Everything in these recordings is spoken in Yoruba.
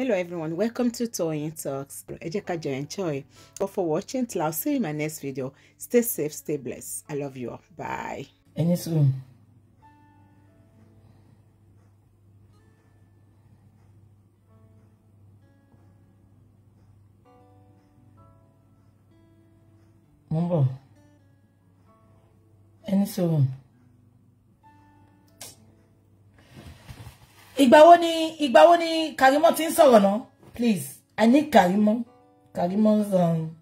hello everyone welcome to toying talks ejeka enjoy but for watching till i'll see you in my next video stay safe stay blessed i love you all bye and soon. Mumbo. And ìgbà wo ni ìgbà wo ni Karimo ti ń sọ̀rọ̀ please I need Karimo Karimo's um,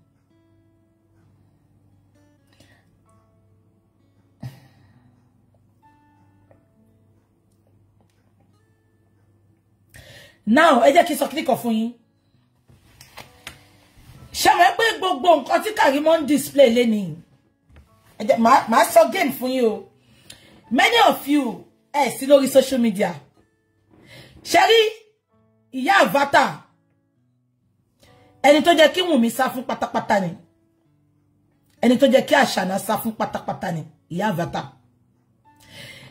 now ẹ jẹ́ kí n sọ kíníkan fún yín ṣẹ̀mọ̀ pé gbogbo nǹkan tí Karimo ń display lẹ́ni màá sọ game fún yín o many of you eh, sí lórí social media ṣẹ́rí ìyá vata. ẹni tó jẹ́ kí Wùnmí sá fún pátápátá ni ẹni tó jẹ́ kí Àṣànà sá fún pátápátá ni ìyá vata.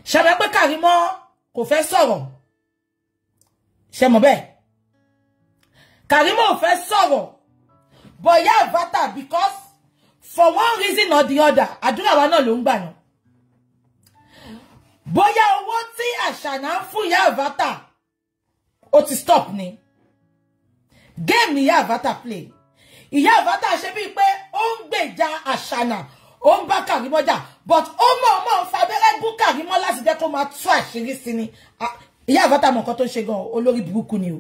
ṣẹ̀mẹ́ pé Kàrímọ́ kò fẹ́ sọ̀rọ̀ ṣẹ̀mọ̀ bẹ́ẹ̀ Kàrímọ́ ò fẹ́ sọ̀rọ̀ but ìyá because for one reason or the other àdúrà wa náà ló ń gbà náà bóyá owó tí Àṣànà ń fún ìyá ó ti stop ni géèmù ya àbáta play ìyá àbáta ṣe bíi pé ó ń gbèjà àṣànà ó ń bá kàrímọ́jà but ó mọ̀ ọmọ fàbẹ́rẹ́ bú kàrímọ́ láti jẹ́ kó máa tú àṣírí sí ni ìyá àbáta mọ̀ nǹkan tó ṣe gan olórí burúkú ni o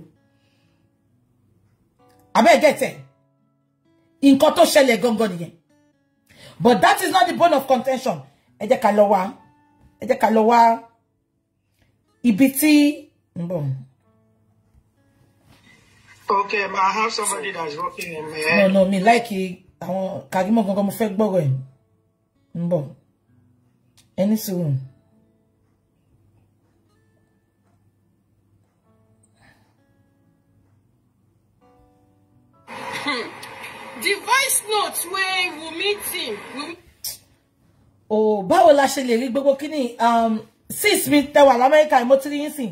abẹ́ẹ̀gẹ́tẹ̀ nǹkan tó ṣẹlẹ̀ gangan nìyẹn but that is not the bone of contention ẹ jẹ́ ká lọ wá ẹ jẹ́ ká lọ wá ibi tí ń bọ̀. Okay, but I have somebody that's working in my head. No, no, me like àwọn Karimo gangan mo fẹ́ gbọ́rọ̀ ẹ̀ ń bọ̀ ẹni sùúrù. Hmm. the voice note wey Wunmi team. ò oh, báwo la ṣe lè rí gbogbo Um, sis mi tẹwà lamẹ́ríkà mo ti rí yín sìn.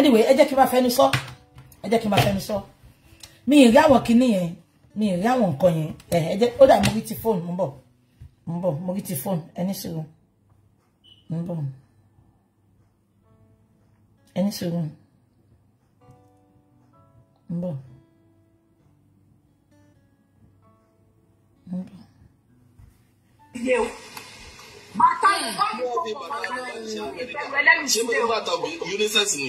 anyway ẹ jẹ́ kí n máa fẹnu sọ ẹ jẹ́ kí n máa fẹnu sọ mi ì rí àwọn kinní yẹn mi ì rí àwọn nǹkan yẹn ẹ ẹ jẹ́ ó dà mo rí ti fóònù mo ń bọ̀ mo ń bọ̀ mo rí ti fóònù ẹni sùúrù mo ń bọ̀ ẹni sùúrù mo ń bọ̀ mo ń bọ̀. ilé o bàtà ìfọwọ́sowọ́pọ̀ ọ̀rọ̀ ìṣẹ̀lẹ̀ lẹ́yìn sílẹ̀ o. ṣé mo ní bàtà unisex ni.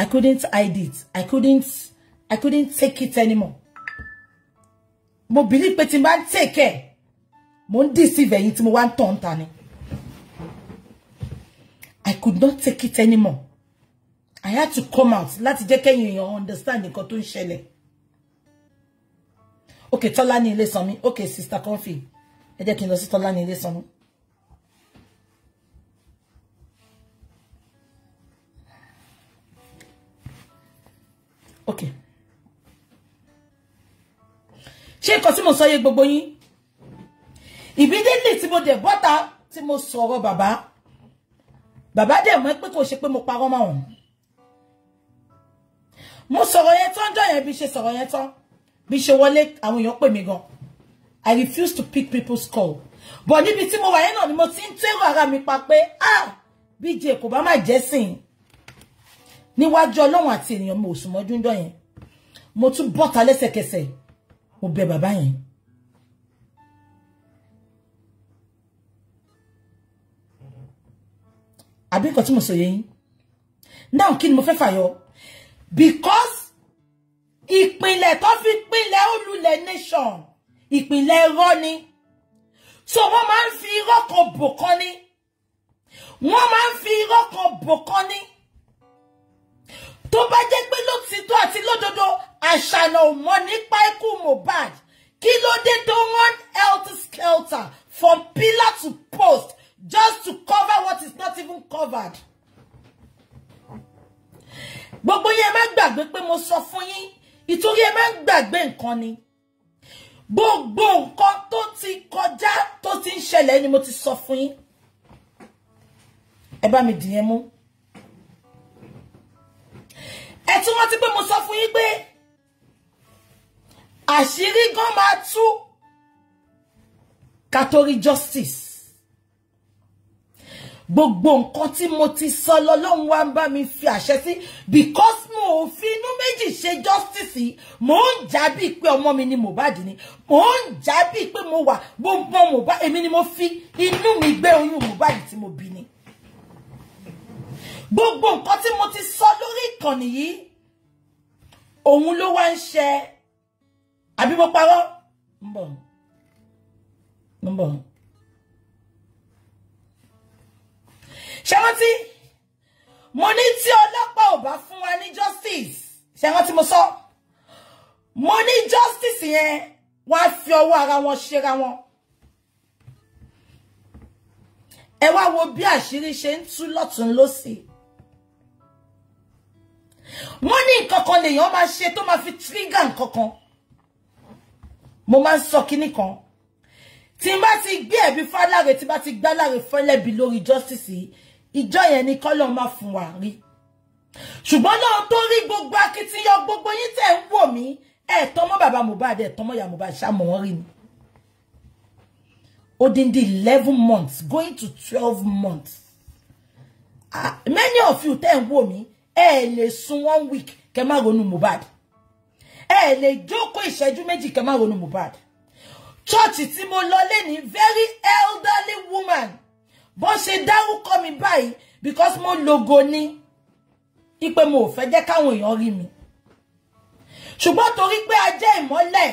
I couldn't hide it. I couldn't I couldn't take it anymore. Mo believe pé tin bá take e. Mo deceive ẹ̀yin tí mo wá ton tani. I could not take it anymore. I had to come out láti jẹ́ kẹ́yin èèyàn understand nǹkan to ń ṣẹlẹ̀. Okay, Tọ́lá le ilé Sanmi. Okay, sister Comfy. Ẹ jẹ́ kí n lọ sí Tọ́lá ní ilé okay ṣé nǹkan tí mo sọ yé gbogbo yín ìbídélé tí mo dẹ̀ bọ́ta tí mo sọ̀rọ̀ bàbá bàbá dẹ̀ mọ́ pé kò ṣe pé mo parọ́ mọ́ wọn mo sọ̀rọ̀ yẹn tán jọ yẹn bí ṣe sọ̀rọ̀ yẹn tán bí ṣe wọlé àwọn èèyàn pè mí gan I refuse to pick people's call but níbi tí mo wà yẹn náà ni mo ti ń ara mi pa pé ah BJ kò bá má jẹ́ sìn níwájú ọlọ́run àti ènìyàn mo sùn mọ́jú yẹn mo tún bọ́ta lẹ́sẹ̀kẹsẹ̀ mo bẹ bàbá yẹn àbí nǹkan tí mo sọ yẹn now kí mo fẹ́ fàyọ because ìpìlẹ̀ tó fi pínlẹ̀ olùlẹ̀ nation ìpìlẹ̀ irọ́ ni so wọ́n máa ń fi irọ́ kan bò ni wọ́n máa ń fi irọ́ kan bò ni. tó bá jẹ́ pé lótìtọ́ àti lódodo àṣànà ò mọ̀ nípa ikú Mohbad kí ló dé tó run helter skelter from pillar to post just to cover what is not even covered. gbogbo yẹn má gbàgbé pé mo sọ fún yín ìtorí ẹ má gbàgbé nǹkan ni gbogbo nǹkan tó ti kọjá tó ti ń ṣẹlẹ̀ ni mo ti sọ fún yín ẹ bá mi dìyẹn mú ẹ tí wọ́n ti pé mo sọ fún yín pé àṣírí gan máa tú kàtórí justice gbogbo nǹkan tí mo ti sọ lọ́lọ́run wá ń bá mi fi àṣẹ sí because mo ò fi inú méjì ṣe justice mo ń jábí pé ọmọ mi ni Mohbad ni mò ń jábí pé mo wà gbogbo Mohbad èmi ni mo fi inú mi gbé oyún Mohbad tí mo bí ni gbogbo nǹkan tí mo ti sọ lórí ìkànnì yìí òun ló wá ń ṣe àbí mo parọ́ ń bọ̀ ń bọ̀ ṣé rántí mo ní tí ọlọ́pàá ò bá fún wa ní justice ṣé rántí mo sọ mo ní justice yẹn wàá fi ọwọ́ ara wọn ṣera wọn. ẹ wá wo bí àṣírí ṣe ń tú lọ́tún lósì wọ́n ní nǹkan kan lèèyàn máa ṣe tó máa fi trigger nǹkan kan mo máa ń sọ kinní kan tí n bá ti gbé ẹ̀bí fáláre tí n bá ti gbáláre fẹ́lẹ́bí lórí justice ìjọ yẹn ni kọ́lọ̀ máa fún wa rí ṣùgbọ́n náà tó rí gbogbo akitiyan gbogbo yín tẹ̀ ń wò mí ẹ̀ tọ́mọ́ bàbá Mohbad ẹ̀ tọ́mọ́ ìyá Mohbad ṣàmọ̀ wọ́n rí ni odindi eleven months going to 12 months uh, many of you tẹ̀ ń wò ẹ le sun one week kẹ má ronú mubad. ẹ le jókòó ìṣẹ́jú meji kẹ má ronú mubad. Church tí mo lọ lé very elderly woman bó ṣe dárúkọ mi báyìí because mo logo ní ipe mo fe fẹ́ jẹ́ káwọn èèyàn rí mi ṣùgbọ́n torí pé a jẹ́ ìmọ́lẹ̀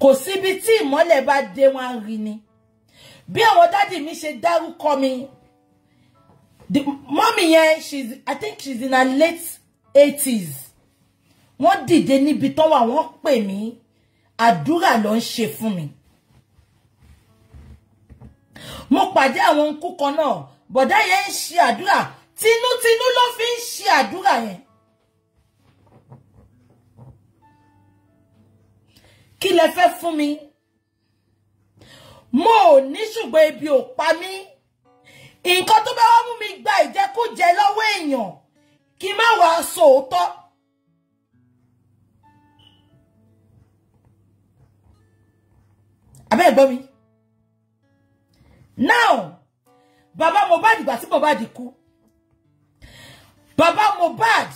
kò síbi tí ìmọ́lẹ̀ bá dé wọn rí ni bí àwọn dádì mi ṣe dárúkọ mi the mommy yẹn she's i think she's in her late eighties wọ́n dìde níbi tó wà wọ́n pè mí àdúrà ló ń ṣe fún mi mo pàdé àwọn nkú kan náà bọ̀dá yẹn ń ṣe àdúrà tinútinú ló fi ń ṣe àdúrà yẹn kí lẹ fẹ́ mi mo ni ní ṣùgbọ́n ebi ò pa mí. nǹkan tó bá wá mú mi gba ìjẹkújẹ lọ́wọ́ èèyàn kí n má wàá sòótọ́. abẹ́ gbọ́ mi now bàbá Mohbad ìgbà tí Mohbad kú bàbá Mohbad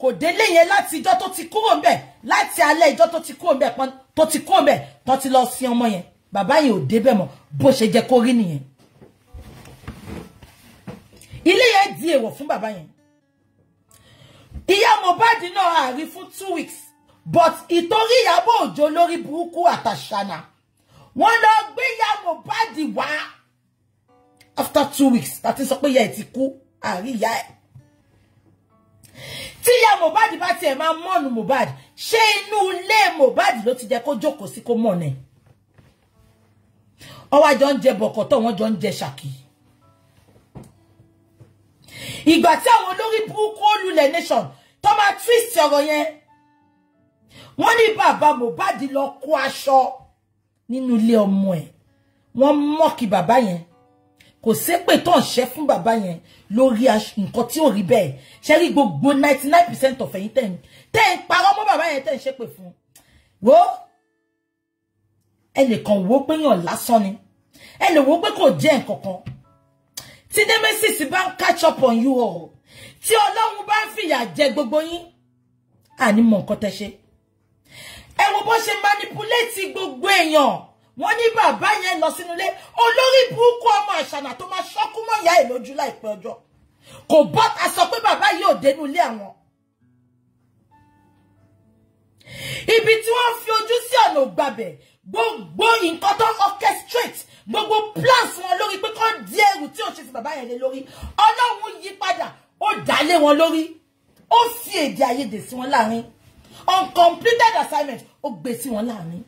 kò délé yẹn láti ìjọ́ tó ti kúrò ńbẹ̀ láti alẹ́ ìjọ́ tó ti kúrò ńbẹ̀ pọn tó ti kúrò ńbẹ̀ tó ti lọ sin ọmọ yẹn bàbá yẹn ò débẹ̀ mọ́ bó ṣe jẹ́ kó rí nìyẹn ilé yẹn di èèwọ̀ fún bàbá yẹn ìyá Mohbad náà àárí fún two weeks but ìtorí Ìyábọ̀ Òjó lórí burúkú àtàṣànà wọ́n lọ gbé ìyá Mohbad wá after two weeks tàti sọ pé ìyá ẹ̀ ti kú àárí ìyá ẹ̀ tí ìyá Mohbad bá tiẹ̀ máa mọ̀nù Mohbad ṣé inú ilé Mohbad ló ti jẹ́ kó jókòó sí kó mọ̀nà ẹ̀ ọwọ́ àjọ ń jẹ bọ̀kọ̀tọ̀ wọ́n jọ ń jẹ ṣàkì ìgbà tí àwọn olórí to olùlẹ̀ nation tó máa twist ọ̀rọ̀ yẹn wọ́n ní bàbá Mohbad lọ kó aṣọ nínú ilé ọmọ ẹ̀ wọ́n ki bàbá yẹn kò sépè tó ń ṣe fún bàbá yẹn lórí nǹkan tí ò rí bẹ́ẹ̀ ṣe rí gbogbo ninety nine percent of ẹ̀yin Ten. ń tẹ̀ ń mọ́ bàbá yẹn tẹ̀ ń ṣépè fún wo ẹnìkan wo pé yàn lásán ni ẹ wo pé kò jẹ́ nǹkan kan tí nemesis bá ń catch up on you all tí ọlọ́run bá fi ya jẹ gbogbo yín àní mọ̀ nǹkan tẹ́ ṣe ẹ wo bó ṣe manipulate gbogbo èèyàn wọ́n ní bàbá yẹn lọ sínú ilé olórí buku ọmọ àṣànà tó ma ṣọ́kú mọ́ ìyá ẹ̀ lójú láìpẹ́ ọjọ́ kò bọ́ta sọ pé bàbá yìí ò dénú ilé àwọn ibi tí wọ́n fi ojú sí ọ̀nà ògbàbẹ̀ gbogbo nǹkan tó orchestrate gbogbo plans wọn lórí pé kán di ẹrù tí ò ṣe ti bàbá yẹn lé lórí ọlọ́run yí padà ó dálé wọn lórí ó fi èdè àìyedè sí wọn láàrin uncompleted assignment ó gbé sí wọn láàrin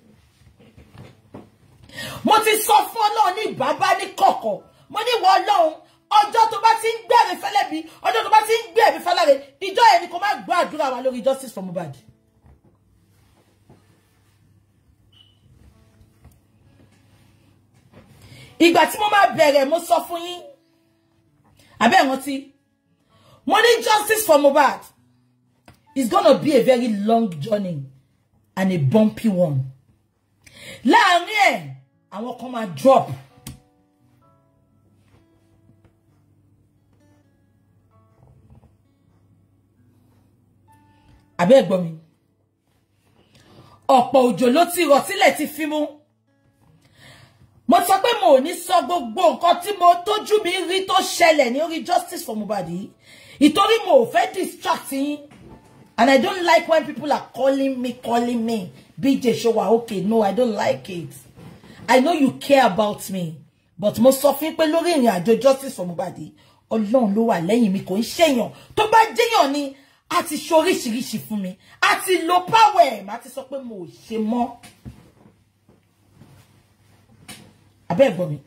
mo ti sọ fún ọlọ́run ní bàbá ní kọ̀kọ̀ mo ní wọ ọlọ́run ọjọ́ tó bá ti ń gbẹ̀rẹ̀ fẹ́lẹ́bí ọjọ́ tó bá ti ń gbẹ̀rẹ̀ fẹ́lẹ́bí ìjọ yẹn ni kò má gbọ́ àdúrà wa lórí justice for Mohbad. ìgbà tí mo máa bẹ̀rẹ̀ mo sọ fún yín abẹ́ ìrántí mo ní justice for Mohbad is gonna be a very long journey and a bumpy one láàárín I will come and drop. abẹ́ ẹ̀gbọ́n mi ọ̀pọ̀ òjò ló ti rọ̀ sílẹ̀ ti fímú mo sọ pé mo ò ní sọ gbogbo nǹkan tí mo tójú mi rí tó ṣẹlẹ̀ ní orí justice for Mohbad ìtorí mo fẹ́ distracting and I don't like when people are calling me calling me BJ Showa okay no I don't like it I know you care about me but mo sọ fún pé lórí ìrìn àjò justice for Mohbad yìí ló wà lẹ́yìn mi kò ń tó bá jẹ́yàn ni a ṣoríṣiríṣi fún mi a lo power ẹ̀ má ti sọ pé mo ṣe mọ́ abẹ́ ẹ̀gbọ́n mi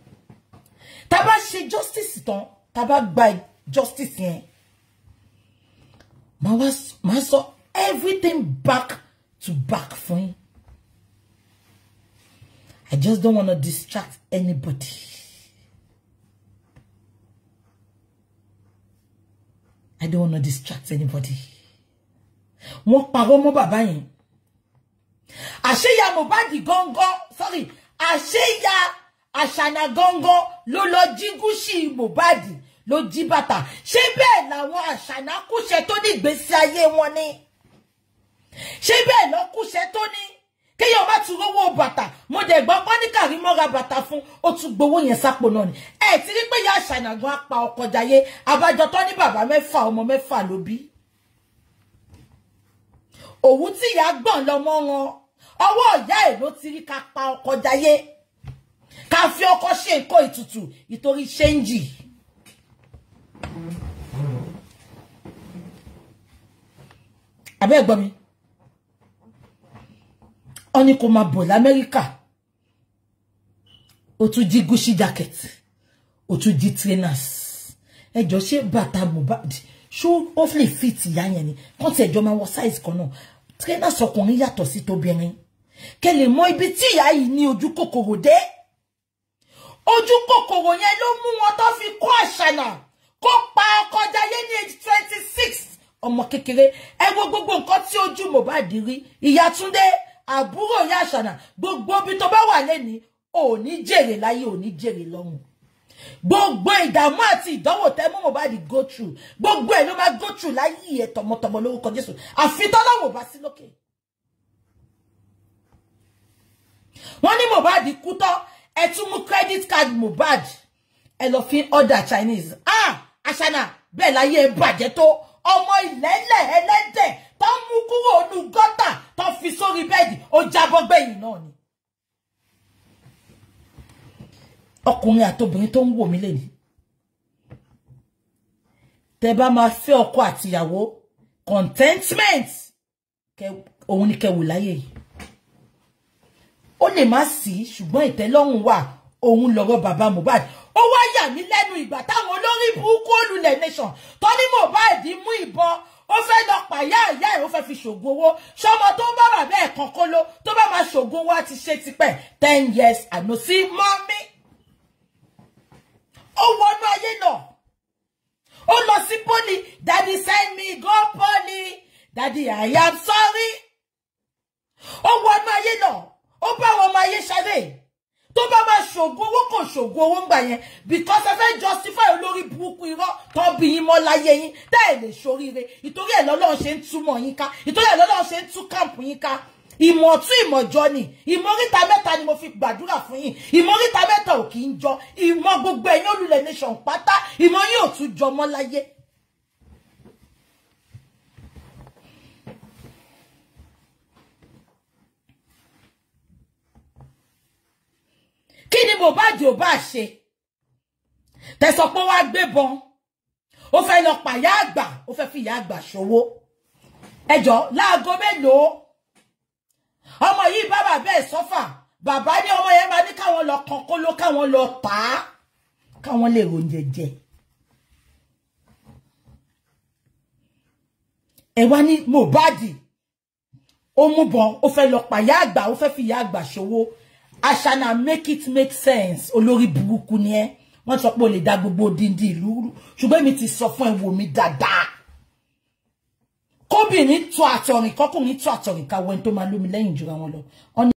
tá a bá ṣe justice tán tá bá gba justice yẹn màá sọ everything back to back for him. I just don't wanna distract anybody. I don't wanna distract anybody. Wọ́n parọ́ mọ́ bàbá yẹn. Àṣeyà Mohbad gángan, sorry, àṣeyà àṣànà gangan ló lọ jí Gúúsì Mohbad ló jí bàtà ṣé bẹ́ẹ̀ làwọn àṣànà kúṣẹ tó ní ìgbésí ayé wọn ni ṣé bẹ́ẹ̀ lọ kúṣẹ tó ní kéèyàn bá tún rówó bàtà mo dẹ̀ gbọ́ pọ́nìkàrí mọ́ra bàtà fún ó tún gbowó yẹn sápò náà ni ẹ ti rí pé ìyá àṣànà gan apá ọkọ jayé abájọ tó ní bàbá mẹ́fà ọmọ mẹ́fà ló bí òun tí ìyá gbọ̀n lọmọ wọn ọwọ́ ìyá ẹ̀ ló ti rí ká pa ọkọ jayé. ká fi ọkọ ṣe ìtùtù ìtorí ṣẹ́ńjì. àbẹ́ ẹ̀gbọ́n mi oni ní kó máa bọ̀ lamẹ́ríkà ó jí jacket ó tún jí trainers ẹjọ́ ṣé bàtà Mohbad ṣó ó lè fit ìyá yẹn ni kàn tí ẹjọ́ máa wọ size kan náà trainers ọkùnrin yàtọ̀ sí tóbìnrin kẹ́ lè mọ ibi tí ní ojú kòkòrò dé. ojú kòkòrò yẹn ló mú wọn tó fi kó àṣànà kó pa ọkọ Jayé ní age twenty six ọmọ kékeré ẹ wo gbogbo nǹkan tí ojú Mohbad rí ìyá Túndé àbúrò ìyá àṣànà gbogbo ibi tó bá wà lẹ́ni ò ní jèrè láyé ò jèrè lọ́run gbogbo ìdààmú àti ìdánwò tẹ mú Mohbad go through gbogbo ẹ ló máa go through láyé ẹ tọmọtọmọ lórúkọ Jésù àfi tọ́lọ́wọ̀ bá sí lókè wọ́n ní Mohbad kú tán ẹ mú credit card mu ẹ elofin order Chinese ah Asana bela láyé ẹ bàjẹ́ tó ọmọ ìlẹ́lẹ̀ ẹlẹ́dẹ̀ tó mú kúrò nù gọ́tà tó fi sórí bẹ́ẹ̀dì ó jábọ́ gbẹ̀yìn náà ni. ọkùnrin àtobìnrin tó ń mí lẹ́nu tẹ bá máa fẹ́ ọkọ contentment ke ni kẹwò láyé ó lè má sí ṣùgbọ́n ìtẹ́lọ́rùn wà òun lọ́rọ̀ bàbá Mohbad ó wá yà mí lẹ́nu ìgbà nation tó ní mú ó fẹ́ ẹ̀ ó fẹ́ fi ṣògùn owó ṣọmọ tó bá kóló tó bá máa ṣògùn owó ti ṣe tipẹ́ ten years àná sí mọ́mí ó wọnú ayé náà ó lọ sí poli daddy send me go poli daddy I am sorry ó wọnú ayé know? ó bá àwọn ọmọ ayé ṣadé tó bá máa ṣògo owó kò ṣògo owó ń yẹn because ẹ fẹ́ justify olórí burúkú irọ́ tó bí yín mọ́ láyé yín tá ẹ̀ lè ṣoríire ìtorí ẹ̀ lọ́lọ́run ṣe ń túmọ̀ yín ká ìtorí ẹ̀ lọ́lọ́run ṣe ń tú yín ká ìmọ̀ ọ̀tún ìmọ̀ jọ ìmọ̀ oríta mẹ́ta ni mo fi gbàdúrà fún yín ìmọ̀ oríta mẹ́ta ò kì í ìmọ̀ gbogbo ẹ̀yin olùlẹ̀ nation pátá ìmọ̀ yín ò tún jọmọ́ láyé Kini ni Mohbad ò bá ṣe tẹ̀sán pé wá gbébọn ó fẹ́ lọ pàyà àgbà ó fẹ́ fi ìyá àgbà ṣòwò ẹjọ́ láago mélòó ọmọ yìí bàbá ẹ̀ sọ́fà bàbá ní ọmọ yẹn máa ní káwọn lọ kàn kóló káwọn lọ pa, á káwọn lè oúnjẹ jẹ ẹ wá ní Mohbad ó mú bon ó fẹ́ lọ pàyà àgbà ó fẹ́ fi ìyá àgbà ṣòwò I shall not make it make sense. Olórí burúkú ni ẹ́. Wọ́n sọ pé o lè dá gbogbo dindi ìlú. Ṣùgbọ́n mi ti sọ fún ẹ wò mí dáadáa. Kóbìnrin tó àtọ̀rìn kọ́kùnrin tó àtọ̀rìn ká wẹ́n tó máa lómi lẹ́yìn jura wọn lọ.